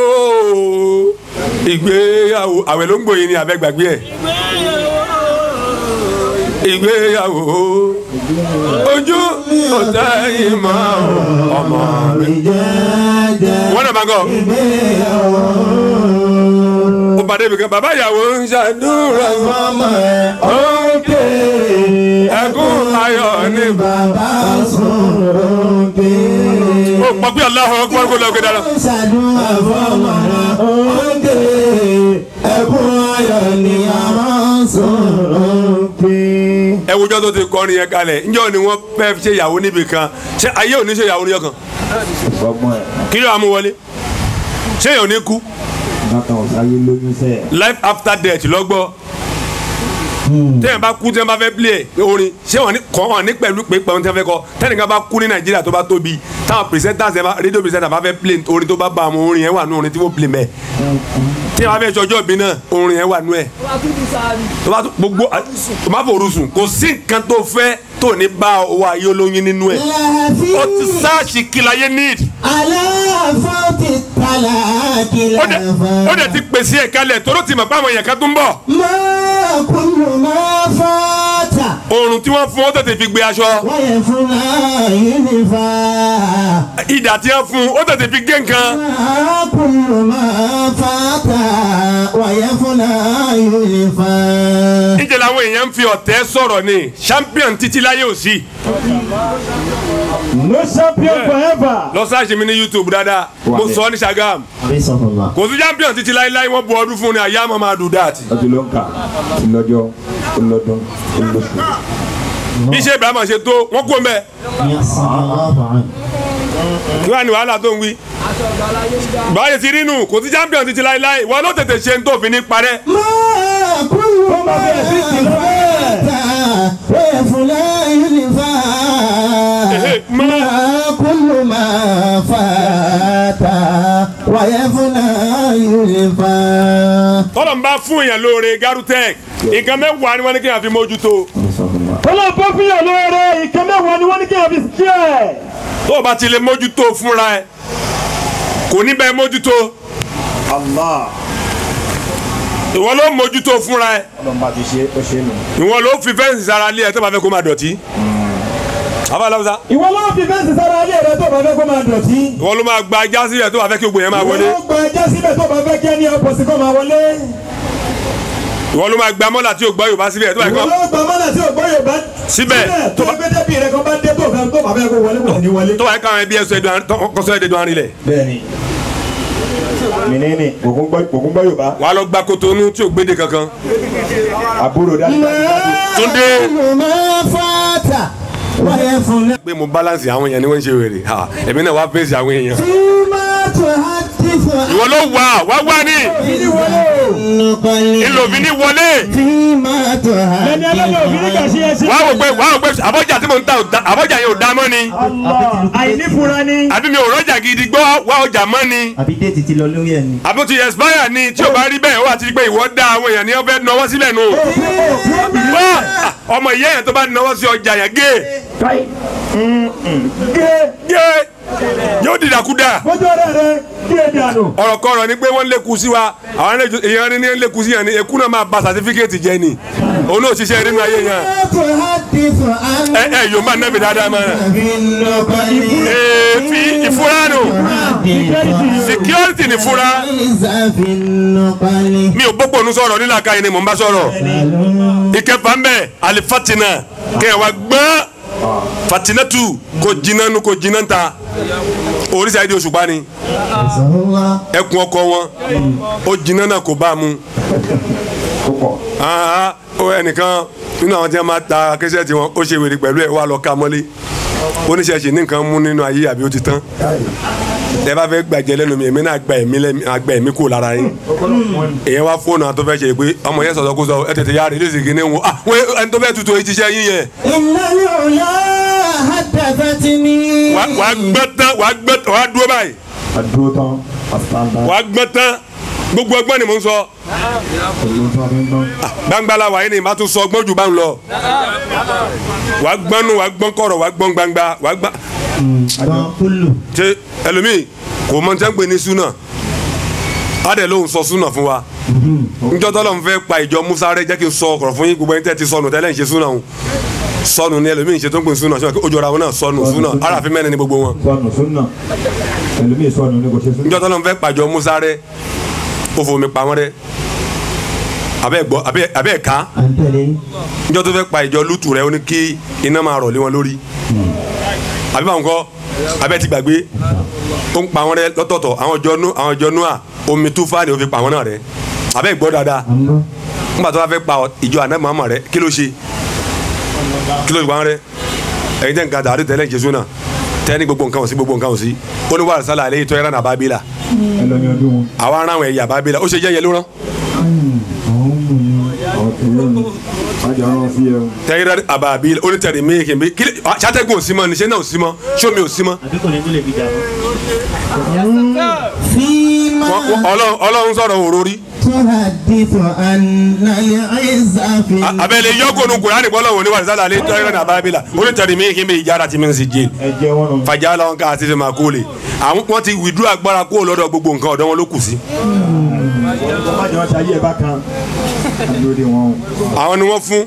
ìgbéyàwó àwẹ̀ ló ń gbòye ni àbẹ̀ gbàgbé ẹ̀. ìgbéyàwó. ìgbéyàwó ojú ọ̀tá ìmọ̀ ọmọ mi. wọ́n náà máa gọ̀. ó bá débi kan bàbá ìyàwó ń ṣàdúrà mọ́mọ́ ẹ̀ ó ẹkún ayọ̀ ní. bàbá sùn ó ó pọ̀ pé aláhùn ọkọ̀ ọkọ̀ lọ́kẹ́ dára. ó ṣàdúrà fọ́ọ̀mọ̀ rẹ̀ ó ń ẹkún ayọ̀ ní àmọ́ sùn ẹ wùjọ́ tó ti kọrin yẹn kalẹ̀ njọ́ ni wọ́n fẹ́ ṣe ìyàwó níbi kan ṣé ayé òní ṣe ìyàwó níjọ́ kí ló wà mú wọlé ní kú life after death lọ́gbọ́ tẹ́yìn bá kú tẹ́yìn bá fẹ́ bílẹ̀ orin ṣé wọ́n kọ́ wọn ní pẹ̀lú pé pẹ̀lú tẹ́yìn fẹ́ kọ́ tẹ́yìn bá kú ní nàìjíríà tó bá tóbi táwọn pírẹsẹ́ntàs ẹ̀ rédíò pírẹsẹ́ntà bá fẹ́ bílẹ̀ orin tó bá ba àwọn orin yẹn wà nù orin tí wọ́n bílẹ̀ mẹ́ tẹ́yìn bá fẹ́ sọjọ́ bí náà orin yẹn wà nù ẹ̀. tó bá gbogbo kò sí nǹkan tó fẹ́ tó ní bá owó ayé nínú ẹ̀ ó ti sáàsì kìláyé níìdì. aláàfọ̀ ti tala kìláfà. ó dẹ̀ ti pèsè ẹ̀ka lẹ̀ tó ló ti mọ̀ pé àwọn èèyàn tó ń bọ̀. máa كل ما فات oòrùn tí wọ́n fún ó tètè fi gbé aṣọ. wọ́n fún náà yìí ní fa. ìdà tí wọ́n fún ó tètè fi gé nǹkan. arákùnrin máa fa wàyẹ fún náà yìí ní fa. níjẹ́ làwọn èèyàn ń fi ọ̀tẹ̀ sọ̀rọ̀ ni champion títí láyé ò no champion forever. lọ sáàṣì mi ní YouTube Dada. mo sọ ọ́ ní Ṣàgámù kò sí champion títí láéláé wọ́n bu ọdún fún ni àyà máa máa dùn dáàtì. ọjọ́ ló ń kà sí lọ́jọ́ ó bí ṣe ibrahima ṣe tó wọ́n kú ọmọ ẹ. kíláà ni wàhálà tó ń wí. báyìí ti rí kò sí champion títí láéláé wọn ló tètè ṣe ń tó fi ní parẹ́. máa kú ọmọ ẹ ta wẹ́ẹ̀ fúnlẹ̀ fa. máa kú ọmọ fa ta wẹ́ẹ̀ fúnlẹ̀ fa. tọ́lọ̀ ń bá fún yẹn lóore garutech nǹkan mẹ́wàá ni wọ́n ní kí n àfi mójútó. olóògbé fún yàn lóore nǹkan mẹ́wàá ni wọ́n ní kí n àfi jẹ́. tó o bá ti lè mójútó fúnra ẹ kò ní bẹ́ẹ̀ mójútó. Allah ìwọ ló mójútó fúnra ẹ ìwọ ló fi fẹ́ǹsì sára lé ẹ tó bá fẹ́ kó máa dọ̀tí. abalamusa. Hmm. ìwọ ló fi fẹ́ǹsì sára lé ẹ tó bá fẹ́ kó máa dọ̀tí. ìwọ ló máa gba ajá síbẹ̀ tó bá fẹ́ kí ogun yẹn máa wọlé. ìwọ ló gba ajá síbẹ̀ tó bá fẹ́ kí ẹni ọ̀pọ̀ sí kó máa wọlé ìwọ ló máa gba mọ́là tí o gbọ́ Yorùbá síbẹ̀ tó bá kọ́. ìwọ ló gba mọ́là tí o gbọ́ Yorùbá síbẹ̀ tó bá pété bí rẹ kan bá dé bòkan tó bàbá yẹ kó wọlé kò ní wọlé. tó bá yẹ káwọn ẹbí ẹsọ ẹdun kọsọ ẹdun arin lẹ. bẹ́ẹ̀ni minini ògùn gbọ́ Yorùbá. wàá lọ gba Kotonu tí o gbéde kankan. àbúrò dáadáa. Túndé. mọ̀ fọ́tà wáyé fún mi. pé mo balance àwọn èèyàn ni wọ́n ń ṣe wèrè ẹ̀mí náà wá ìwọ ló wà wá wá ní. ìlòfin ní wọlé. wà á wò pé wà á wò pé àbọ̀jà tí mo ń ta àbọ̀jà yẹn ò dá mọ́ ni. àìnífura ni. àbí mi ò rọ́jà gidi gbọ́ wá ọjà mọ́ ni. àbí déètì ti lọ lórí ẹ̀ ni. àbí ó ti expire ni tí o bá rí bẹ́ẹ̀ ó wà ti pé ìwọ dá àwọn èèyàn ní ọ fẹ́ náwó sílẹ̀ nù. wá ọmọ ìyá yẹn tó bá náwó sí ọjà yẹn gé. Mm, mm, gé gé yóò dìdàkúdà. bójú ọ̀rẹ́ rẹ kí ẹ dànù. ọ̀rọ̀ kọ̀ọ̀rọ̀ ni pé wọ́n ń lékun sí wa àwọn èèyàn ní ń lékun sí yàn ni èkú náà máa ba sàtífíkẹ́ẹ̀tì jẹ ni òun náà ṣiṣẹ́ nínú ayé yẹn. ẹ ẹ yóò máa nẹ́bi dáadáa máa èèfì ìfura nù security ni fura mi ò gbogbo ònú sọ̀rọ̀ nílà káyé ni mò ń bá sọ̀rọ̀ ìkẹfà ń bẹ̀ alifatina kẹwàá gbọ́n fatinatu ko jinanu ko jinanta oríṣi ayédè oṣù bani ẹkùn ọkọ wọn ó jinana kò bá a mu ẹnìkan nínú àwọn tí wọn máa ta akẹ́sẹ́ tí wọn ó ṣe wèrè pẹ̀lú ẹ̀ wà lọ́ọ́ ká mọ́lé oníṣẹ́ṣe ní nǹkan mú nínú ayé àbí ó ti tán tẹ bá na. gbàjẹ́ lẹ́nu mi èmi náà gba ẹ̀mí lẹ́mí agba ẹ̀mí kò lára yín èyàn wá fóònù àti tó fẹ́ ṣe pé ọmọ yẹn sọ̀tọ̀ kó sọ ẹ tètè yára ilé ìsìnkì ní wọn àwọn ẹni tó fẹ́ tutù èyí ṣiṣẹ́ yín yẹn. ìnáwó ọ̀la àdàbà ti ní. wàá gbẹ́ tán wàá gbẹ́ tán wàá dúró báyìí. wàá dúró tán wàá gbẹ́ tán gbogbo ọgbọ́n ni mò ń sọ. gbangbala wà yín ni màá tún sọ ọgbọ́n jù bá ń lọ. wàá gbọ́nú wàá gbọ́n kọ̀rọ̀ wàá gbọ́n gbangba wàá gbà. ṣe ẹlòmíì kò mọ̀ ní sẹ́ńpẹ̀ ní súnà adẹ ló ń sọ súnà fún wa mm-hmm. njọ́ tọ́lọ́ ń fẹ́ pa ìjọ musa rẹ jẹ́ kí n sọ ọkọ̀ fún yín gbogbo ẹni tẹ́ ti sọnù tẹ́lẹ̀ ń ṣe súnà òun sọnù ni ẹlòmíì ṣe tó ń pè súnà ṣọ́nà ojú ara wọn náà sọnù súnà aráàfin mẹ́rin ni gbogbo wọn. njọ́ tọ́lọ́ ń fẹ́ pa ìjọ musa rẹ kó fún mi pamọ́ rẹ abẹ́ gbọ́ abẹ́ abẹ́ ká njọ́ tó fẹ́ pa ìjọ lútù rẹ ó ní kí iná máa rọ̀ lé wọn lórí hmm. àbí báwọn kọ́ abẹ́ ti gbàgbé ó ń pa wọn rẹ lọ́tọ̀ọ̀tọ̀ àwọn ọjọ́ nú àwọn ọjọ́ nú à omi tó fáàní òfin pa wọn náà rẹ abẹ́ gbọ́ dáadáa nígbà tó bá fẹ́ pa ìjọ àná màmá rẹ kí ló ṣe kí ló ṣe pa wọn rẹ ẹ̀yin tẹ́ nǹkan dàrú tẹ́lẹ̀ Jésù náà tẹ́ni gbogbo nǹkan ò sí gbogbo nǹkan ò sí ó ní wàhálà sálà àlẹ́ ìtọ́ ẹran náà bábílà àwa ara àwọn ẹ̀yà bábílà ó ṣe jẹ́ yẹn ló rán. tẹ́yìrẹ́ àbàbílà ó ní tẹ̀rí méèkì mi kílẹ̀ ṣàtẹ́gùn ò sí mọ́ níṣẹ́ náà ò sí mọ́ ṣómi ò sí mọ́. ọlọ́run sọ̀rọ̀ òrórí abẹ́lé yọ́gòrò kùránì bọ́lá wò ní wà ní sálà alẹ́ tọ́lá ní abábílà onítẹ̀rí mi kí n bẹ ìjára ti mi ń sì jẹ́ fàjà lọ́n ká àti fẹ́ẹ́ kó lè àwọn wọn ti wìdú agbára kó lọ́dọ̀ gbogbo nǹkan ọ̀dọ́ wọn ló kù sí. àwọn ni wọ́n fún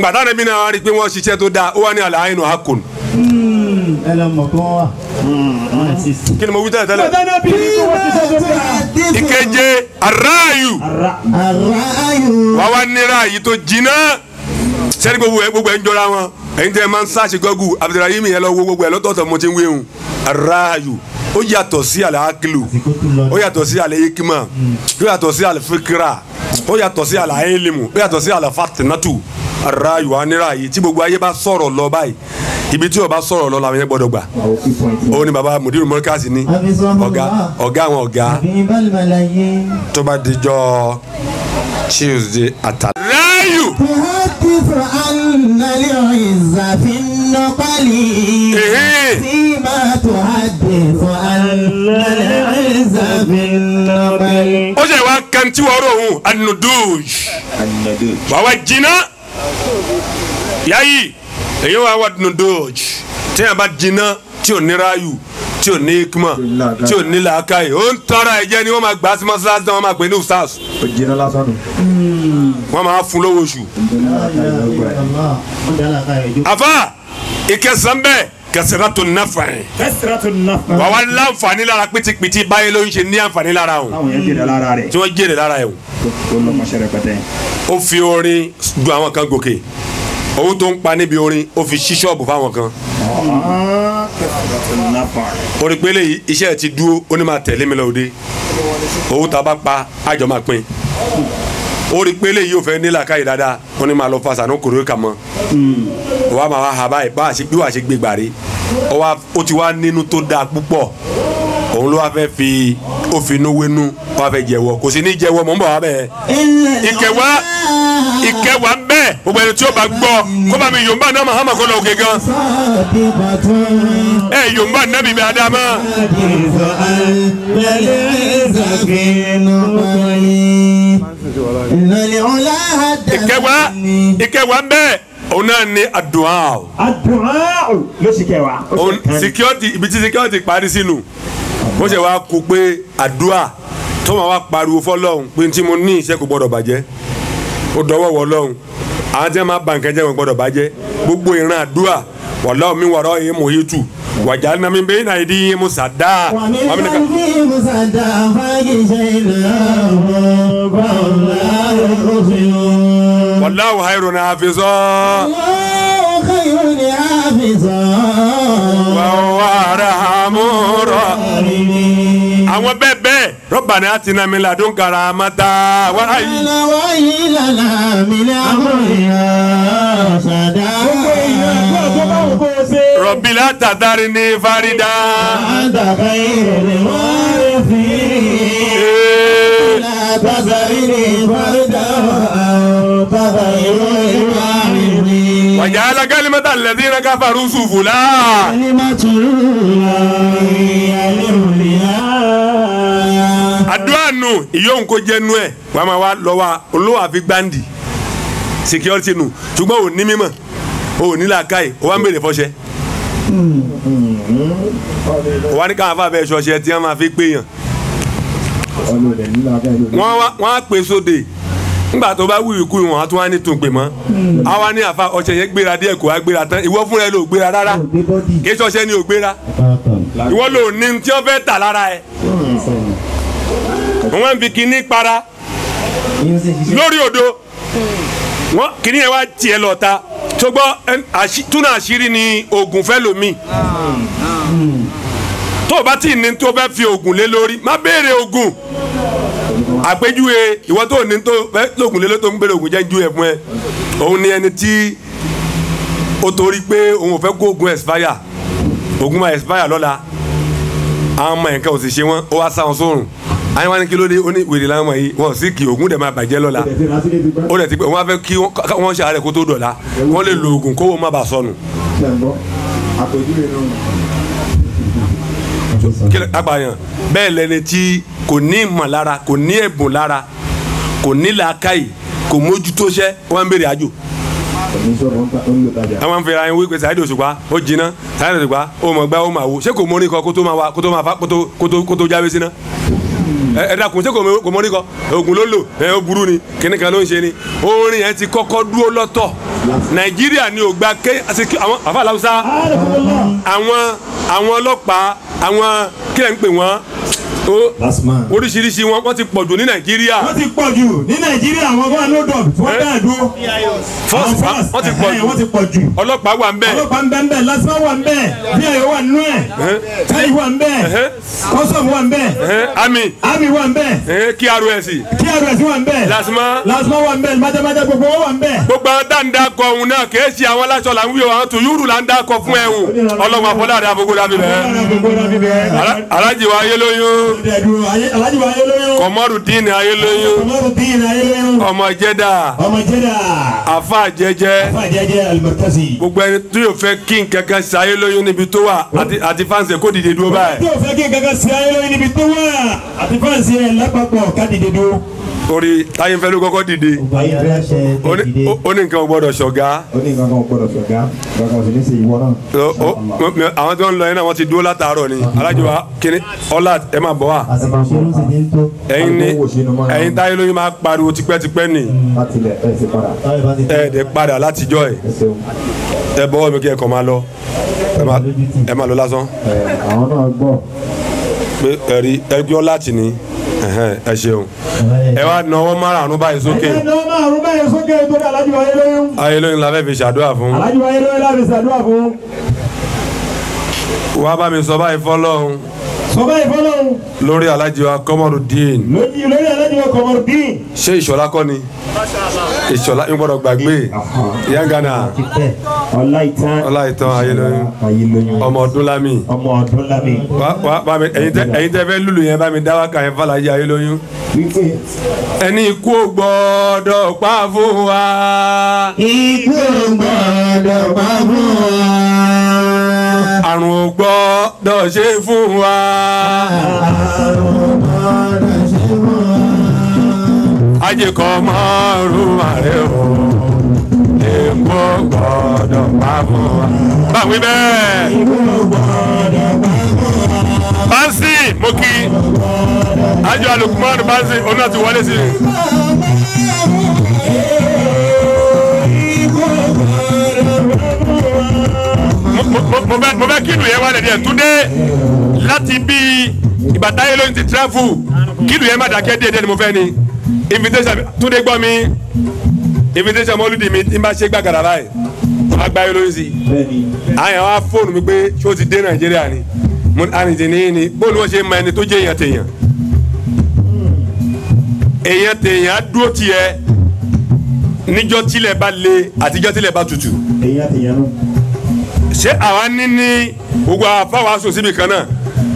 gbàtà rẹ̀ bí náà wọ́n rí i pé wọ́n ṣiṣẹ́ tó dáa ó wà ní àlàáyé nù hákùn ẹ lọ mọ̀ kí wọ́n wà. kí ni mo wí tẹ́lẹ̀ tẹ́lẹ̀. bàtàna bí ìkeje aráàyù wà wá nira yìí tó jiná sẹ́ni gbogbo ẹ e, gbogbo ẹ e ń jọra wọn ẹ̀yin tẹ́ ẹ máa ń sáàsì gọ́gù wo gbogbo ẹ e lọ́tọ̀ọ̀tọ̀ mo ti ń wéhùn aráàyù ó yàtọ̀ sí akilu ó yàtọ̀ sí àlẹ́ ikima mm. ó yàtọ̀ sí àlẹ́ fikira ó yàtọ̀ sí àlẹ́ ayélimu ó yàtọ̀ sí àlẹ́ fatinatu aráyò aníráyè tí gbogbo ayé bá sọ̀rọ̀ lọ báyìí ibi tí ó bá sọ̀rọ̀ lọ làwọn yẹn gbọ́dọ̀ gbà ó ní baba mudiru mọ́kàsí ní ọ̀gá ọ̀gá àwọn ọ̀gá tó bá dijọ́ tuesday àtàlẹ́. ráyù. ó ṣe wá kan tí wọ́n rò ó anuduj wàá wá jiná yáyì èyí wà wà dùnú dòjì tí a bá jiná tí ò ní ráyù tí ò ní ikuma tí ò ní làákàyè ó ń tọ́ra ẹ̀jẹ̀ ni wọ́n máa gbà sí mọ́ṣáláṣí náà wọ́n máa pè ní usas. ó jiná lásán nù. wọ́n máa fún lówó oṣù. àfa ìkẹsàn bẹ́ẹ̀ kasiratu nafa ye. kasiratu nafa. wàá wá láǹfààní lára pitipiti báyé ló ń ṣe ní àǹfààní lára o. táwọn yẹn jèrè lára rẹ. tí wọ́n jèrè lára yẹ o. tó lọ mọ sẹrẹ pẹtẹ. ó fi orin du àwọn kan gòkè owó tó ń pa níbi orin ó fi ṣí ṣọ́ọ̀bù fáwọn kan. orin iṣẹ́ ti dúró ó ní máa tẹ̀lé mi lọ owó tá a bá pa àjọ máa pín ó rí pélé yìí ò fẹ́ nílà káyì dáadáa wọ́n ní máa lọ fasa ní kòrò kà mọ́ hmm. máa wá ha báyìí bá àṣẹ bí wàá ṣe gbé gbàrí ó ti wá nínú tó dáa púpọ̀ òun ló wá fẹ́ fi ó wá fẹ́ jẹ́wọ́ kò sí ní jẹ́wọ́ mọ́ ń bọ̀ wá bẹ́ẹ̀ ìkẹwà ìkẹwà ń bẹ́ẹ̀ gbogbo ẹni tí ó bá gbọ́ kó bá mi yorùbá náà mahama kó lọ òkè gan ẹ yorùbá nábì bẹ́ẹ̀ adama. Thank you ìrẹ̀lẹ̀ ọ̀la àdàlẹ́ ni. ìkẹwàá ìkẹwàá ń bẹ́ẹ̀ òun náà ni àdúà. àdúà ló sì kẹwàá. security ibi tí security parí sínú bó ṣe wàá kó pé àdúà tó máa wá pariwo fọlọ́hún pé tí mo ní iṣẹ́ kò gbọ́dọ̀ bàjẹ́ ó dọwọ́ wọ lọ́hún àwọn tí wọ́n máa bà nǹkan jẹ́ kò gbọ́dọ̀ bàjẹ́ gbogbo ìran àdúà wallahu mi wọ̀rọ̀ yìí mò ń yí tù وجعلنا من بين أيديهم سدا ومن خلفهم سدا فاجزيناهم والله يبصرون والله خير حافظا الله خير حافظا وهو أرحم الراحمين àwọn bẹ́ẹ̀ bẹ́ẹ̀ rọ́bàní àti nami ladún kara mata wàrà yìí. ìlànà wáyé ìlànà mi ni àwọn èèyàn ṣàdá. gbogbo èèyàn. ربي لا تذرني فردا أنت خير الوارثين لا تذرني فردا أنت خير الوارثين وجعل كلمة الذين كفروا سفلا كلمة الله àdúrà nù ìyóhùn kó jẹ́ nú ẹ̀ wàá máa wá lọ́wọ́ olówó àfi gbáǹdì security nù ṣùgbọ́n ò ní mímọ̀ ò ní làákàyè ó wá ń Hmm. wọ́n ní káwọn afáfẹ́ ṣọṣẹ tí wọ́n máa fi pé yàn wọ́n á pè sóde nígbà tó bá wúwo ikú wọn á tún wá ní tún pè mọ́ àwa hmm. ní àfa ọ̀sẹ̀ yẹn gbéra díẹ̀ kó wá gbéra tán ìwọ fúnra ẹ ló gbéra rárá kí ṣọṣẹ ni ò gbéra ìwọ ló ní tí wọ́n fẹ́ tà lára ẹ hmm. wọ́n fi kinní para lórí odo wọ́n kinní yẹn wá tiẹ̀ lọ́ta ṣùgbọ́n túnà àṣírí ni oògùn fẹ́ lomi tó o bá tí ì ní tó fẹ́ fi oògùn lé lórí má béèrè oògùn àpèjúwe ìwọ tó ní tó fẹ́ lóògùn lé lórí tó ń béèrè oògùn jẹ́ ju ẹ̀ fún ẹ òun ni ẹni tí ó torí pé òun ò fẹ́ kó oògùn expire oògùn máa expire lọ́la àwọn ọmọ yẹn ò sì ṣe wọ́n ó wá sáwọn sórùn àyìn wá ní kí ló dé ó ní wèrè láwọn yìí wọn sì kì oògùn dẹ̀ máa bàjẹ́ lọ́la ó dẹ̀ ti pé wọ́n fẹ́ kí wọ́n ṣe àárẹ̀ kó tó dọ̀la wọ́n lè lo oògùn kówó má bàa sọnù. apààyàn bẹ́ẹ̀ lẹni tí kò ní ìmọ̀ lára kò ní ẹ̀bùn lára kò ní làákàyè kò mójútó ṣẹ́ wọ́n ń àjò àwọn ń fẹ́ra ẹni wípé Saheed Òṣùpá ó jiná Saheed Òṣùpá ó mọ̀ gbá ó mà wò ṣé kò mọ orin kan kó tó máa jáwé síná ẹ dákun ṣé kò mọ ní kọ oògùn ló lò ẹ ó burú ni kíní kan ló ń ṣe ni orin yẹn ti kọ́kọ́ dúró lọ́tọ̀ nàìjíríà ni ò gba ké àwọn àfa àwọn àwọn ọlọ́pàá àwọn kílẹ̀ ń pè wọ́n oríṣiríṣi wọn wọ́n ti pọ̀jù ní nàìjíríà. wọ́n ti pọ̀jù ní nàìjíríà àwọn ọgbà ló dọ̀ wọ́n eh? dà dúró. first eh, wọ́n ti pọ̀jù ọlọ́pàá wà ń bẹ̀. ọlọ́pàá ń bẹ̀ ń bẹ̀ lásán wà ń bẹ̀ bíyàyò wà nínú ẹ̀ eh? táyì wà ń bẹ̀ kọ́sọ̀mù wà ń bẹ̀ ami ami wà ń bẹ̀ krs krs wà ń bẹ̀ lásán lásán wà ń bẹ̀ májámájá gbogbo wà ń bẹ̀. gbogbo àwọn dáńdá kọ òun náà kì í ṣe àwọn aláṣọ là ń wí o àwọn tòyúrù là ń dá kọ fún ẹ o ọlọ́wọ́ afọláàdá àfọgbọ́dá bíbẹ́ alájì wa yé lóyún kọmọrùdín ayélujú ọmọ jẹdà afa jẹjẹ gbogbo ẹni tí yóò fẹ́ kí nkankan sí ayélujú níbi tó wà àti fáǹsì kó dìde dúró báyìí. tí yóò fẹ́ kí nkankan sí ayélujú níbi tó wà àti fáǹsì ẹ̀ lápapọ̀ ká dìde dúró torí táyé fẹ́ ló kọ́kọ́ dìde ó ní nǹkan gbọ́dọ̀ ṣọ̀gá. ó ní nǹkan gbọ́dọ̀ ṣọ̀gá gbọ́dọ̀ sì ní ṣe ìwọ náà. àwọn tó ń lọ yẹn náà wọ́n ti dúró látàárọ̀ ni alájọ wa kíní ọlá ẹ máa bọ̀ wá. ẹ̀yin ni ẹ̀yin táyé lóyún máa pariwo tipẹ́tipẹ́ ni ẹ̀ẹ́dẹ̀ mm, padà látijọ́ ẹ̀ ẹ bọ́wọ́ mi kí ẹ kàn máa lọ ẹ máa lọ lásán. àwọn náà gbọ́. ẹ̀rí ẹgbẹ́ ọlá tì ní ẹ ṣeun ẹ wá nà ọwọ́ márùn-ún báyìí sókè. ẹ nà ọwọ́ márùn-ún báyìí sókè torí alájú ayélujára. ayélujára la fẹ́ fi ṣàdúrà fún. alájú ayélujára la fi ṣàdúrà fún. wàá bá mi sọ báyìí fọlọ́run sọba ìfọlọ́hún. lórí alájì wa Kọmọrùdín. lórí alájì wa Kọmọrùdín. ṣé ìṣọ̀lá kọ́ ni ìṣọ̀lá ń gbọ́dọ̀ gbàgbé yangana ọláìtàn ayélujára ọmọ ọdún lami. ọmọ ọdún lami. wa wa ẹ̀yin tẹ́ fẹ́ lulu yẹn bá mi dá ka yẹn fàlàyé ayélujára. ẹni ikú ò gbọ́dọ̀ pa fún wa. ikú ò gbọ́dọ̀ pa fún wa àrùn ò gbọ́dọ̀ ṣe fún wa. àrùn ò gbọ́dọ̀ ṣe fún wa. ajẹ́kọ̀ mọ́rùn-ún àrẹ o èkó gbọ́dọ̀ pa fún wa. báwo bẹ́ẹ̀. èkó gbọ́dọ̀ pa fún wa. Bansi Moki, kí Ajo Alukumanu Bansi onú àti wọlé sí i. mo fẹ́ kí ìlú yẹn wà lẹ́dí ẹ̀ túndé láti bí ìbàdáyé lóyún ti travel kí ìlú yẹn má dàkẹ́ díẹ̀ díẹ̀ ni mo fẹ́ ni invitation túndé gbọ́ mi invitation mọ́lúdì mi ń bá ṣe gbàgàrà báyìí agbáyé lóyún sí àyàn wa fóònù mi pé ṣé o ti dé nàìjíríà ni mo àrìndì ní ni bóòlù wọn ṣe mọ ẹni tó jẹ èèyàn tèèyàn èèyàn tèèyàn dúró tiẹ̀ níjọ́ tilẹ̀ bá le àtijọ́ tilẹ̀ bá tutù. èèyàn tèèyàn náà ṣé àwa ní ní gbogbo àfáwà sùn síbi kan náà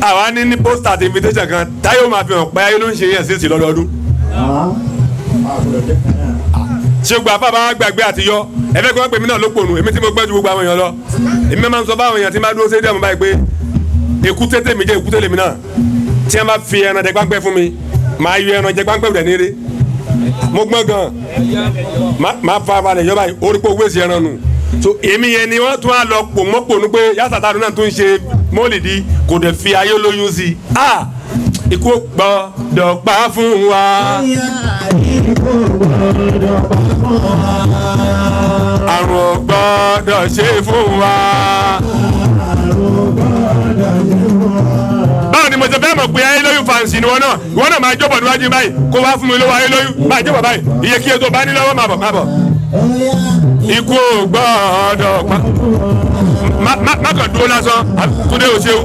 àwa ní ní pósítà àti invitation kan táyọ̀ máa fi hàn pé ayé ló ń ṣe yẹn sísì lọ́dọọdún. ṣé gbogbo àfáwà bá gbàgbé àtiyọ́ ẹ fẹ́ kí wọ́n pè mí náà ló pònú èmi tí mo gbẹ́jú gbogbo àwọn èèyàn lọ èmi máa ń sọ báwọn èèyàn ti máa dúró sí ìdí àmọ́ báyìí pé èkúté tèmi jẹ́ èkúté lèmi náà tí wọ́n bá fi ẹran jẹ páńpẹ́ fún mi màá yọ ẹran jẹ páńpẹ́ rẹ̀ níre mo gbọ́n gan máa fa balẹ̀ yọ báyìí orí pé owó èsì ẹran nù so èmi yẹn ni wọ́n tún á lọ pò mọ́pònú pé yàtà tàdún náà tún ṣe mọ́lìdí kò dẹ̀ fi ayé lóyún sí i ah ikú gbọ́dọ̀ pa fún wa. àrùn gbọ́dọ̀ ṣe fún wa. báwo ni mo ṣe fẹ́ mọ̀ pé ayé lóyún fàǹsì ni wọn náà wọn náà máa jọ́bọ̀ níwájú báyìí kó wá fún mi lówó ayé lóyún máa jọ́bọ̀ báyìí iye kí o tó bá ní máa bọ̀ máa bọ̀ ikú ò gbọ́dọ̀ pa má kàn dúró lásán Túndé ò ṣeun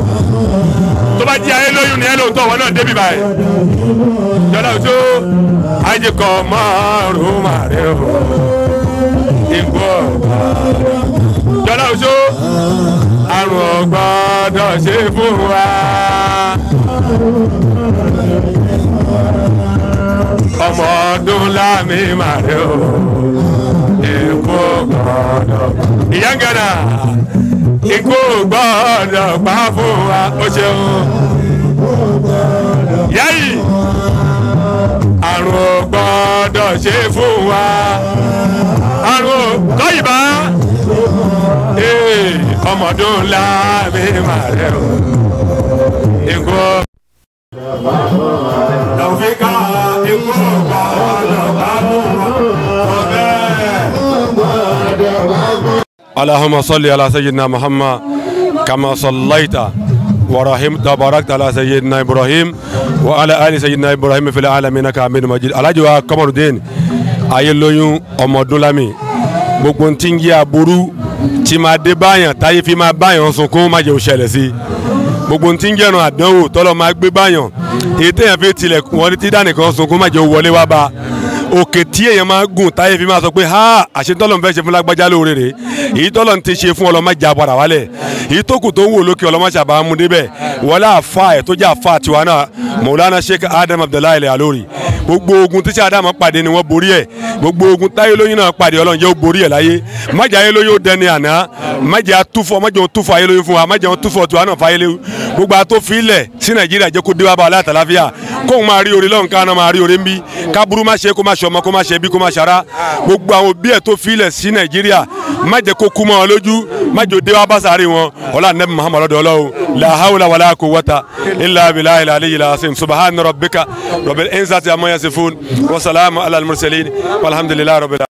tó bá jí ayé lóyún ni ẹ lóòótọ́ wọn náà débi báyìí jọlá ò ayé kọ márùn márẹ ikú ò jọlá ò àrùn ò ṣe fún wa ọmọ ọdún láàmì màrẹ o kò gbọ́dọ̀ ìyáǹgàdà ikú gbọ́dọ̀ pa fún wa ó ṣeun yáyì àrùn gbọ́dọ̀ ṣe fún wa àrùn kọ́yìnbá eh, ọmọdún ńlá mi máa rẹ o ikú. Tàwọn fi ká ikú. اللهم صل على سيدنا محمد كما صليت ورحمت تبارك على سيدنا ابراهيم وعلى ال سيدنا ابراهيم في العالمين انك حميد مجيد alhaji wa kamarudin ayéloyún ọmọdúnlámì gbogbo ń tí ń yé aburú tí máa dé báyàn táyé fi máa báyàn sunkún má jẹ́ òṣèlè sí i gbogbo ń tí ń jẹ̀ràn àdánwò tọ́lọ́ máa gbé báyàn èyí téèyàn fi tilẹ̀ wọlé tí dánìkan sunkún má jẹ́ òwọlé wá bá a òkè tí èèyàn máa gùn táyé fi máa sọ pé ha àṣẹ tọ́lọ̀ ń fẹ́ ṣe fún lágbájá lóore rè èyí tọ́lọ̀ ń ti ṣe fún ọlọ́mọ jà padà wálẹ̀ èyí tó kù tó wò lókè ọlọ́mọ ṣàbà débẹ̀ wọlé àfa ẹ̀ tó jẹ́ àfa tiwa náà Maulana Sheikh Adam Abdullahi Al-Alori gbogbo ogun tíṣà Ádámọ̀ pàdé ni wọ́n borí ẹ̀ gbogbo ogun táyé lóyún náà pàdé Ọlọ́run jẹ́ ó borí ẹ̀ láyé májà ayé lóyún ó dẹni àná májà atúfọ̀ májà òun túfọ̀ ayé lóyún fún wa májà òun túfọ̀ tiwa náà fáyé lóyún gbogbo àtòfilẹ̀ sí Nàìjíríà jẹ́ kó dé wá bá aláàtàláfíà kóun máa rí orí lọ́run káná máa rí orí ń bí kábúrú má ṣe kó má ṣọmọ kó má ṣe bí kó má ṣara gbogbo àwọn òbí ẹ̀ tó filẹ̀ sí nàìjíríà má jẹ́ kó kú mọ́ wọn lójú má jò dé wá bá sáré wọn ọlá nẹ́bí muhammadu dọ́lọ́ o la hawla wala quwwata illa billahi al-aliyyil azim subhana rabbika rabbil izzati amma يصفون وسلام على المرسلين والحمد لله رب العالمين